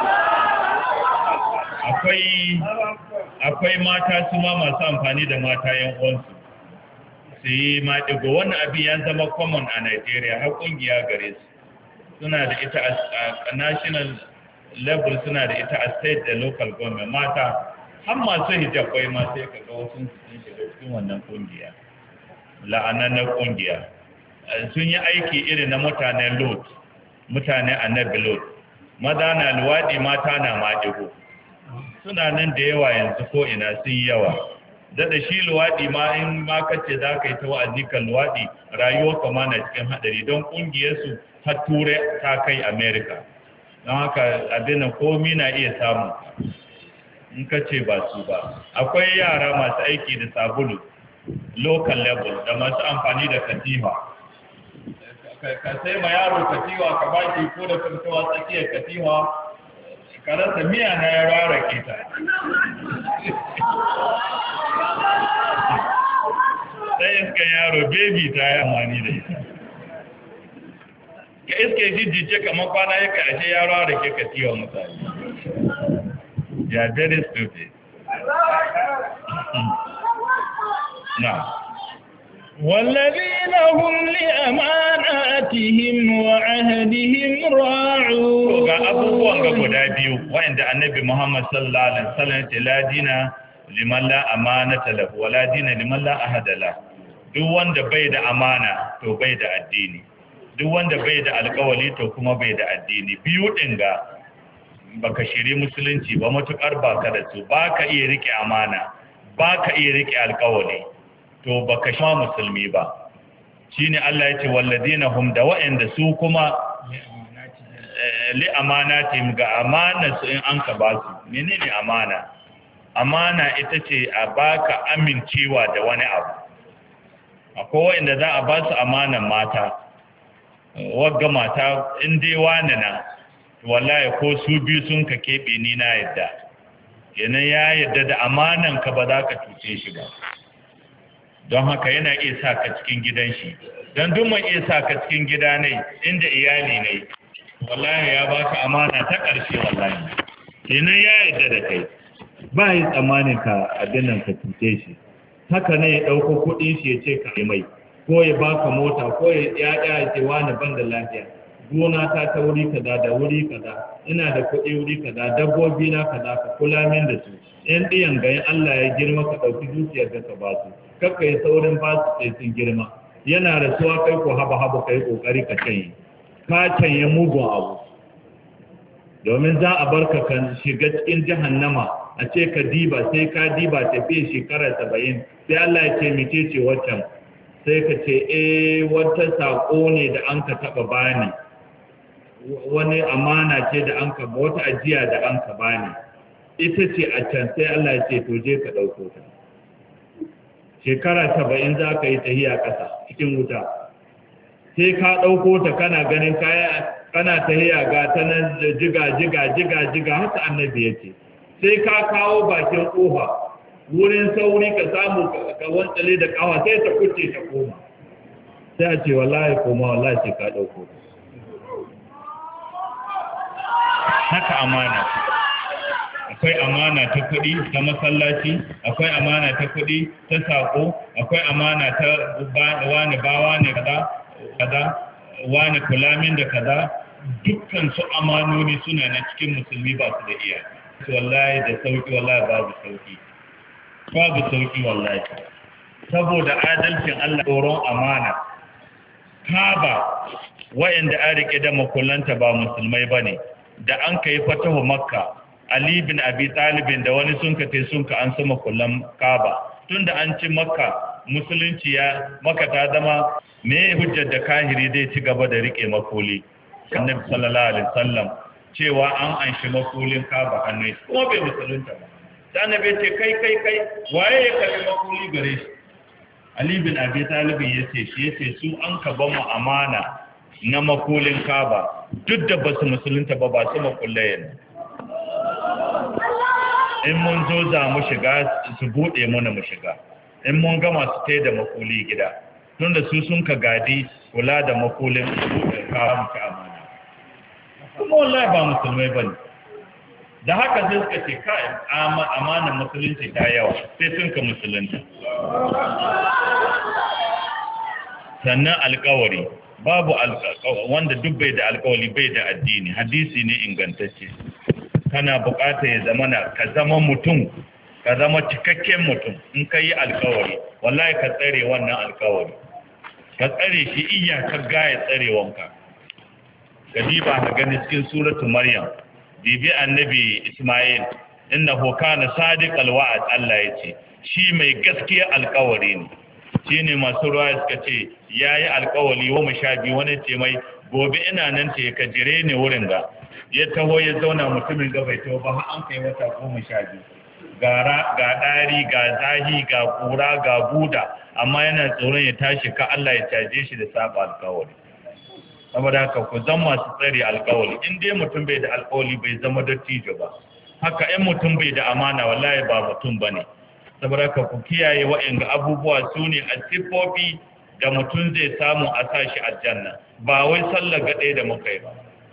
[SPEAKER 2] akwai mata su ma masu amfani da mata yan uwansu su yi maɗigo wani abin ya zama common a nigeria har ƙungiya gare su suna da ita a national level suna da ita a state da local government mata har masu bai ma sai ka ga wasu sun shiga cikin wannan kungiya la'ananar kungiya sun yi aiki irin na mutanen lot mutane annabi lot maza na luwaɗi mata na maɗigo suna nan da yawa yanzu ko ina sun yawa daɗa shi luwaɗi ma in ma kace za ka yi ta wa'azi kan luwaɗi rayuwa kama na cikin haɗari don ƙungiyarsu har turai ta kai america don haka abin komi na iya samu in ka ce ba su ba akwai yara masu aiki da sabulu local level da masu amfani da katima ka sai ma yaro katiwa ka ba shi ko da kamtawa tsakiyar katiwa ka rasa miya na ya rara ke ta sai kan yaro bebi ta yi amfani da ita ka iske jijjice kamar kwana ya karshe yaro da ke katiwa misali ya very stupid
[SPEAKER 3] na
[SPEAKER 2] والذين هم لأماناتهم
[SPEAKER 1] وعهدهم راعون ga abubuwan ga guda
[SPEAKER 2] biyu wanda annabi Muhammad sallallahu alaihi wasallam ce ladina liman amanata lahu wa ladina liman la duk wanda bai da amana to bai da addini duk wanda bai da alkawali to kuma bai da addini biyu din ga baka shiri musulunci ba matukar baka da su baka iya rike amana baka iya rike alkawali to baka shi musulmi ba shine Allah ya ce walladina hum da wa'anda su kuma eh, li amanatim ga amana su in an ka ba su menene amana amana ita ce a baka amincewa da wani abu akwai wa'anda za a ba su amanan mata wagga mata in dai wani na wallahi ko su biyu sun ka keɓe ni na yadda yana ya yadda da amanan ka ba za ka cuce shi ba don haka yana iya sa ka cikin gidan shi don duk iya sa ka cikin gida ne inda iyali ne wallahi ya ba ka amana ta ƙarshe wallahi yana ya yadda da kai ba yi tsammanin ka a nan ka cuce shi haka ne ya ɗauko kuɗin shi ya ce ka yi mai ko ya baka mota ko ya yaya ya wani ban da lafiya gona ta ta wuri kaza da wuri kaza ina da kuɗi wuri kaza dabbobi na kaza ka kula min da su yan ɗiyan ga Allah ya girma ka ɗauki dukiyar da ka ba su kakka yi saurin ba su sai sun girma yana rasuwa kai ko haba haba kai kokari ka canye ka canye mugun abu domin za a bar ka kan shiga cikin jahannama a ce ka diba sai ka diba tafiya shekara saba'in sai Allah ya ce mice ce waccan sai ka ce eh wata saƙo ne da an ka taɓa bani wani amana ce da an ka wata ajiya da an ka bani ita ce a can sai Allah ya ce to je ka ɗauko ta shekara saba'in za ka yi tahiya ƙasa cikin wuta sai ka ɗauko ta kana ganin kaya kana tahiya ga ta nan jiga jiga jiga jiga haka annabi ya ce sai ka kawo bakin ƙofa wurin sauri ka samu ka wantsale da kawa sai ta kuce ta koma sai a ce wallahi koma wallahi ce ka ɗauko." haka amana akwai amana ta kuɗi ta masallaci akwai amana ta kuɗi ta sako akwai amana ta wani ba wani kaza kaza wani kulamin da kaza dukkan su amanoni suna na cikin musulmi ba su da iya wallahi da sauki wallahi babu sauki babu sauƙi wallahi saboda adalcin Allah tsoron amana kaba wayanda an rike da makullanta ba musulmai bane da an kai fatahu makka ali bin abi talib da wani sun kace sun ka an sama kullan kaba tunda an ci makka musulunci ya maka ta zama me hujjar da kahiri zai ci gaba da rike makoli annabi sallallahu alaihi wasallam cewa an anshi makolin kaba hannu kuma bai musulunta ba da annabi ce kai kai kai waye ya kalli makuli gare shi ali bin abi talib ya ce shi ya ce su an ka ba mu amana na makulin kaba duk da basu musulunta ba ba su makullayen in mun zo za mu shiga su buɗe mana mu shiga in mun gama su tai da makuli gida tun da su sun ka gadi kula da makulin mu ka amana kuma wallahi ba musulmai ba ne da haka sai suka ce kai amanar musulunci ta yawa sai sun ka musulunta sannan alkawari babu wanda duk bai da alkawari bai da addini hadisi ne ingantacce kana bukata ya zama na ka zama mutum ka zama cikakken mutum in ka yi alkawari wallahi ka tsare wannan alkawari ka tsare shi iya ka gaya tsarewanka ka ba ka gani cikin suratu maryam Bibi annabi Ismail innahu kana Sadiq alwa'd Allah yace shi mai gaskiya alƙawari ne shine masu ruwa suka ce yayi alƙawari wa mashabi wani ce mai gobe ina nan ce ka jire ni wurin ga ya taho ya zauna mutumin ga bai taho ba har an kai wata goma sha biyu ga ɗari ga zahi ga kura ga buda amma yana tsoron ya tashi ka Allah ya caje shi da saba alƙawari saboda haka ku zan masu tsari alkawali in dai mutum bai da alkawali bai zama dattijo ba haka in mutum bai da amana wallahi ba mutum ba ne saboda haka ku kiyaye wa'inga abubuwa su ne a siffofi da mutum zai samu a sa shi aljanna ba wai sallar gaɗe da muka yi ba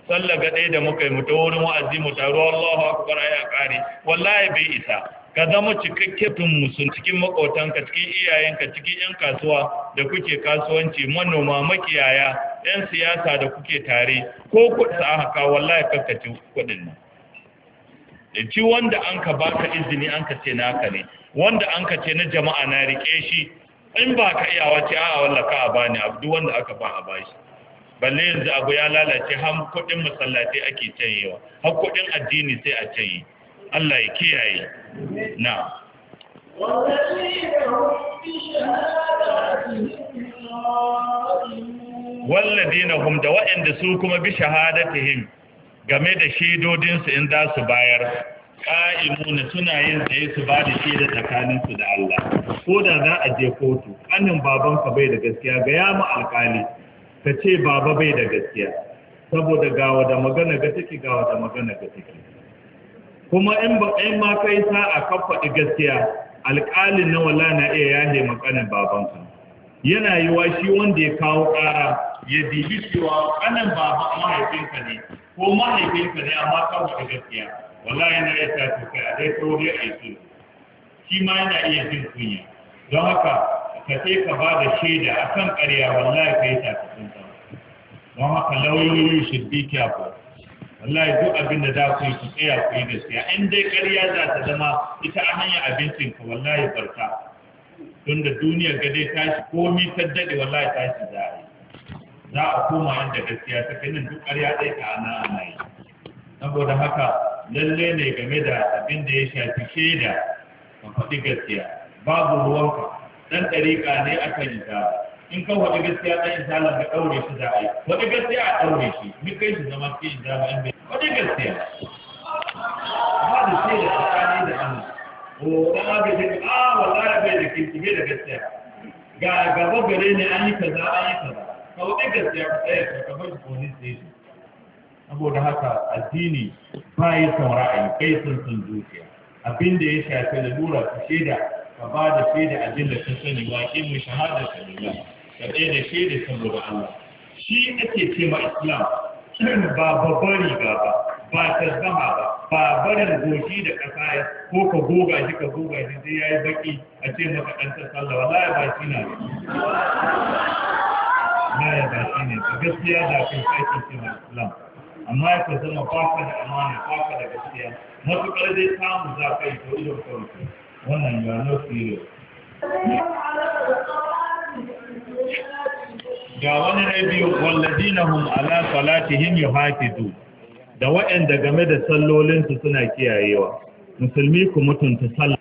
[SPEAKER 2] sallar gaɗe da muka yi mu ta wurin wa'azi mu taru Allahu akbar a kare wallahi bai isa ka zama cikakken musu cikin maƙotanka, cikin iyayenka cikin 'yan kasuwa da kuke kasuwanci manoma makiyaya 'yan siyasa da kuke tare ko kuɗi a haka wallahi kakkaci kuɗin nan da ci wanda an ka baka izini an ka ce naka ne wanda an ka ce na jama'a na rike shi in ba ka iyawa ce a walla ka a bani abu wanda aka ba a bashi balle yanzu abu ya lalace har kuɗin masallatai ake canyewa har kuɗin addini sai a canye Allah ya kiyaye نعم walladina hum da waɗanda su kuma bi shahadatihim game da shaidodinsu in za su bayar ƙa'imuna suna yin tsaye su ba da shaida tsakaninsu da Allah ko da za a je kotu ƙanin babanka bai da gaskiya ga ya mu alƙali ka ce baba bai da gaskiya saboda gawa da magana ga take gawa da magana ga take kuma in ba kai ma kai sa'a a kafa gaskiya alƙalin na wala na iya yahe makanin babanka yana wa shi wanda ya kawo ƙara ya dibi cewa kanan baban mahaifinka ne ko mahaifinka ne amma ka gaskiya wala yana iya ta to a dai kawai a yi shi ma yana iya jin kunya don haka ka sai ka ba da shaida kan ƙarya wallahi kai ta ka don haka lauyoyi should be careful wallahi duk abin da za ku yi ku tsaya ku yi gaskiya in dai ƙarya za ta zama ita a hanyar abincin ka wallahi barka tun da duniyar ga dai tashi komi ta daɗe wallahi tashi za a yi za a koma yadda gaskiya ta kai nan duk ƙarya ɗaya ta ana ana yi saboda haka lalle ne game da abin da ya shafi shaida ka faɗi gaskiya babu ruwanka ɗan ɗariƙa ne aka yi ta in kan wani gaskiya ɗan izala ka ɗaure shi za a yi wani gaskiya a ɗaure shi duk kai shi zama cikin izala in wajen gaskiya ba da ce da tsakani da hannu ko ɗan aga ce a wallahi bai da
[SPEAKER 3] kintige da gaskiya ga gaba gare ne an yi kaza an yi kaza ka wajen gaskiya ka tsaya ka kamar police station
[SPEAKER 2] saboda haka addini ba yi son ra'ayi bai son son zuciya abin da ya shafi lalura ka shaida ka ba da shaida abin da sun sani wa ke mu shahada ta lura ka ɗaya da shaida saboda Allah shi ake ce ma Islam ba babban riga ba ba tasbama ba ba barin goshi da ƙasa ya ko ka goga shi ka goga shi sai ya yi baki a ce maka ɗan tasalla wala ya ba shi na ba ya ba shi ne ta gaskiya da kai sake ce mai islam amma ya ka zama baka da amana baka da gaskiya matuƙar dai samu za ka yi to idon kawai wannan ya no serious
[SPEAKER 3] ga wani na biyu wallazina hum
[SPEAKER 2] ala salatihim yuhafizu da waɗanda game da sallolinsu suna kiyayewa musulmi ku mutunta sallah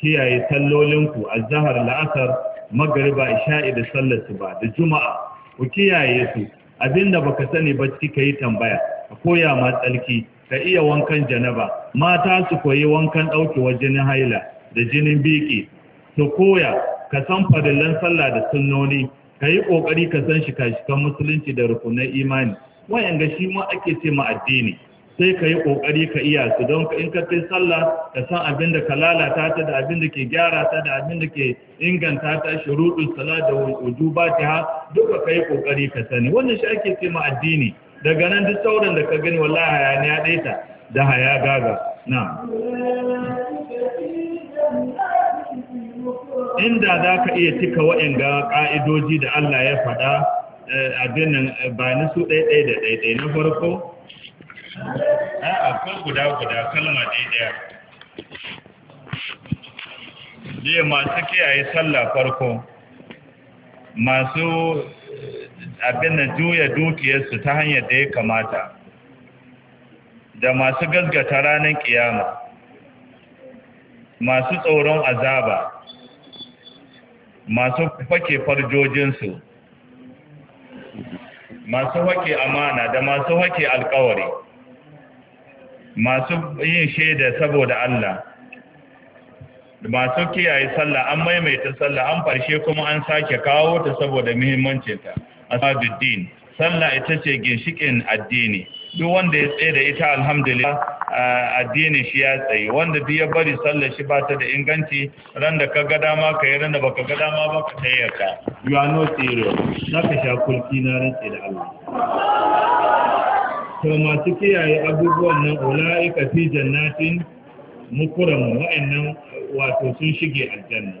[SPEAKER 2] kiyaye sallolinku azhar la'asar magriba isha'i da sallar ba da juma'a ku kiyaye su abinda baka sani ba kika yi tambaya a koya ma tsalki ka iya wankan janaba mata su koyi wankan ɗauki jinin haila da jinin biki su koya ka san fadilan sallah da sunnoni ka yi ƙoƙari ka san shi kashikan musulunci da rukunan imani wayan ga shi ma ake ce ma addini sai ka yi ƙoƙari ka iya su don in ka fi sallah ka san abin da ka lalata ta da abin da ke gyara ta da abin da ke inganta ta shuruɗin sala da ba ta ha duka ka yi ƙoƙari ka sani wannan shi ake ce ma addini daga nan duk sauran da ka gani wallahi hayaniya ɗaya ta da haya gaga na
[SPEAKER 3] inda za ka iya cika
[SPEAKER 2] ga ƙa'idoji da Allah ya faɗa eh, abin nan eh, ba ni su ɗaiɗai da ɗaiɗai na farko? Eh, a ko guda-guda kalma ɗaiɗaya ne masu kiyaye sallah farko masu abin da juya dukiyarsu ta hanyar da ya kamata da masu gasgata ranar kiyama masu tsoron azaba masu fake farjojinsu masu hake amana da masu hake alkawari masu yin shaida saboda Allah masu kiyaye sallah an maimaita sallah an farshe kuma an sake kawo ta saboda muhimmancinta asabuddin sallah ita ce ginshikin addini duk wanda ya tsaye da ita alhamdulillah addinin shi ya tsaye wanda duk ya bari sallar shi ba ta da inganci ran da ka ga dama ka yi ran da baka ga dama ba ka tsaye ka you are not serious na ka sha kulki na rantse da Allah to masu kiyaye abubuwan nan ulaika fi jannatin mukuran wa'annan wato sun shige aljanna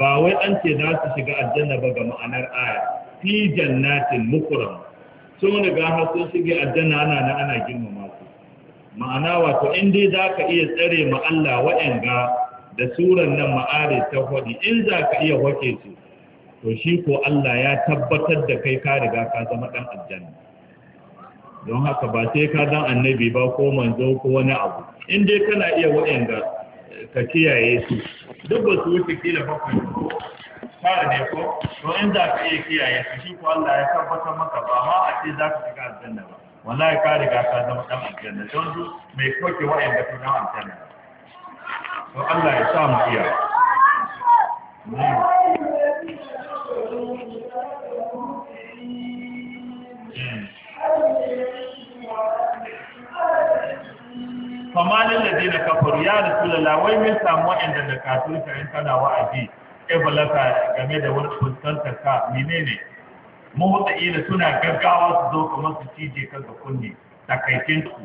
[SPEAKER 2] ba wai an ce za su shiga aljanna ba ga ma'anar aya fi jannatin mukuran sun riga har sun shige aljanna ana na ana girmama ma'ana wato in dai za ka iya tsare ma Allah waɗanga da suran nan ma'ari ta hudu in za ka iya wake su to shi ko Allah ya tabbatar da kai ka riga ka zama ɗan aljanna don haka ba sai ka zan annabi ba ko manzo ko wani abu in dai kana iya waɗanga ka kiyaye su duk ba su wuce kila bakwai ko tara ne ko to in za ka iya kiyaye su shi ko Allah ya tabbatar maka ba ma a ce za ka shiga aljanna ba wallahi ka riga ka zama dan aljanna don su mai koke wa'in da kuma aljanna to Allah ya sa mu iya hmm. famalin da dina kafar ya rasulullah wai mai samu wa'anda da ka in kana wa'azi kai balaka game da wani fuskantar ka menene mawadaina suna gaggawa su zo kamar su cije kan ga kunne takaitinku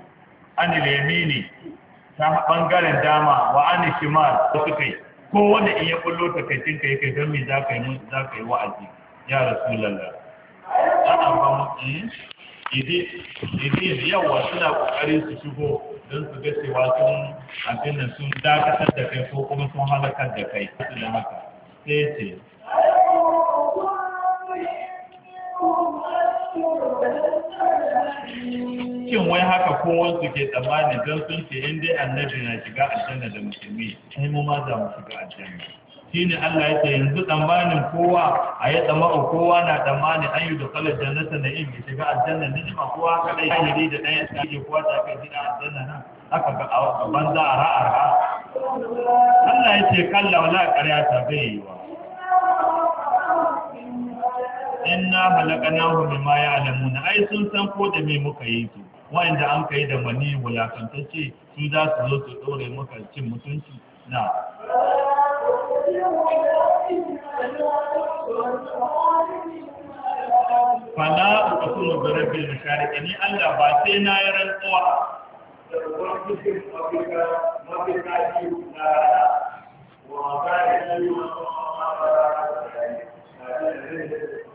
[SPEAKER 2] an ne. ta bangaren dama wa an shimal da su kai ko wanda in ya kullo takaitin kai, yake don me za ka yi za ka yi wa'azi ya rasulullah ana ba mu eh, idi idi yawa suna kokarin su shigo don su ga cewa sun abin nan sun dakatar da kai ko kuma sun halakar da kai da haka sai ce
[SPEAKER 3] Kin wai haka
[SPEAKER 2] kowansu ke tsammani don sun ce in dai annabi na shiga aljanna da musulmi, sai mu ma za mu shiga aljanna. Shi ne Allah ya ce yanzu tsammanin kowa a yi tsammanin kowa na tsammanin an yi da kwalar jannata na in shiga aljanna ne ma kowa ka ɗai hanyar da ɗaya ta yi kowa ta kai gina aljanna nan aka ga a banza a ra'ar ha. Allah ya ce kalla wala ƙarya ta bai yi wa. inna halaqnahu mimma ya'lamuna ai sun san ko da me muka yi to wanda an kai da mani wulakantacce su za su zo su dore muka cin mutunci na
[SPEAKER 3] fala uqsimu bi rabbil
[SPEAKER 2] mashariq ni Allah ba sai na yi rantsuwa
[SPEAKER 3] Thank you.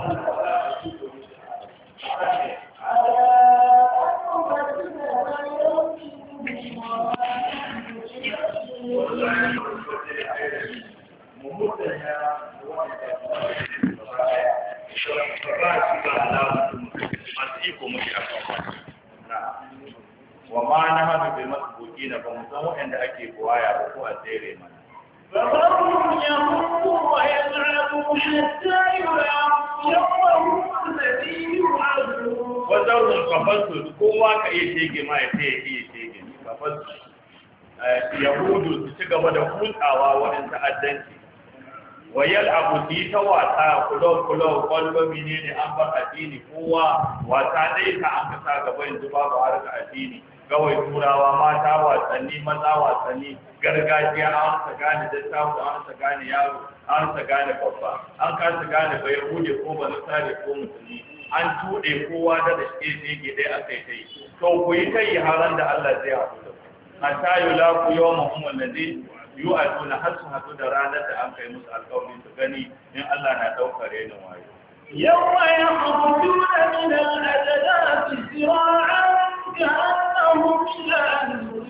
[SPEAKER 2] ku ta wasa kulau-kulau kwallo mine ne an bar addini kowa wasa dai ka an kasa gaba yanzu babu harka addini kawai turawa mata wasanni maza wasanni gargajiya an sa gane tawo an sa gane yaro an sa gane babba an kasa gane bai hude ko ba nasare ko musulmi an tuɗe kowa da da shi ne ke dai akai kai to ku yi kai haran da Allah zai haɗu da ku hatta ku yawma hum allazi yu a har su haɗu da ranar da an kai musu alƙawarin su gani in Allah na ɗaukar renin wayo. Yawma ya hudu da min
[SPEAKER 1] al'adada su zira'an ga annahum ila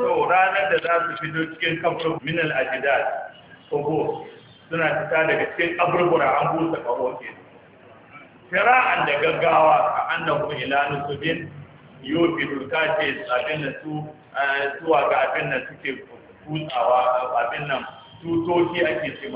[SPEAKER 2] To ranar da za su fito cikin kafin min al'adad kogo suna fita daga cikin kaburbura an busa kaho ke. Kira'an da gaggawa a annahum ila nusubin yofi dulka ce abin da su zuwa ga abin nan suke kutsawa abin nan tutoki ake ce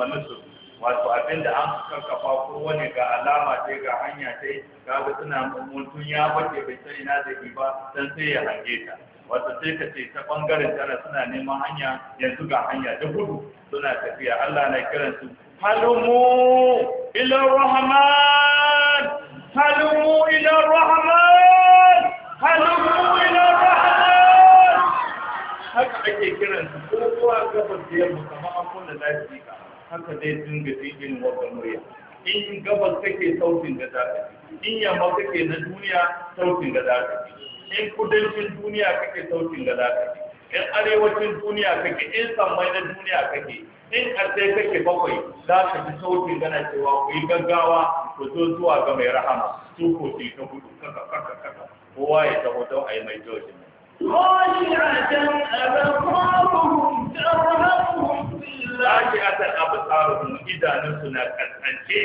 [SPEAKER 2] wato abin da an karkafa ko wani ga alama ce ga hanya ce ga suna mutum ya bace bai sai na da ba dan sai ya hange ta wato sai ka ce ta bangaren tana suna neman hanya yanzu ga hanya da gudu suna tafiya Allah na kiran su
[SPEAKER 1] halumu ila rahman halumu ila
[SPEAKER 2] rahman
[SPEAKER 3] halumu ila
[SPEAKER 2] ake kiran su ko zuwa gabas da yamma kamar an kunna lafi ka haka zai ga jin wata murya in gabas kake sautin da zaka in yamma kake na duniya sautin da zaka in kudancin duniya kake sautin da zaka in arewacin duniya kake in samai na duniya kake in ƙarshe kake bakwai za ka ji sautin gana cewa ku yi gaggawa ku zo zuwa ga mai rahama su ko ce ta hudu kaka kaka kaka kowa ya taho don a yi mai jojin idanunsu na ƙasance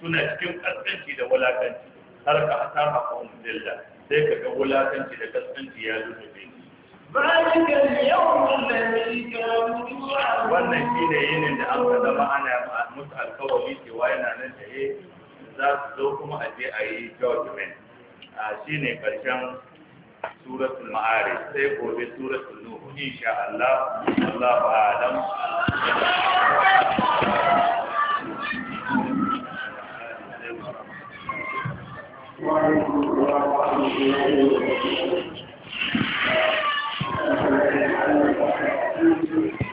[SPEAKER 2] suna cikin ƙasance da wulaƙanci har ka hata a kawun dalla sai ka ga wulaƙanci da ƙasance ya zo da
[SPEAKER 1] bai wannan shi ne yinin da an kada ma'ana
[SPEAKER 2] ya ma'a musu alkawali cewa yana nan da ya za su zo kuma a je a yi judgment a shi ne ƙarshen سورة المعارف سيقول بسورة النور إن شاء الله والله أعلم
[SPEAKER 3] Thank you.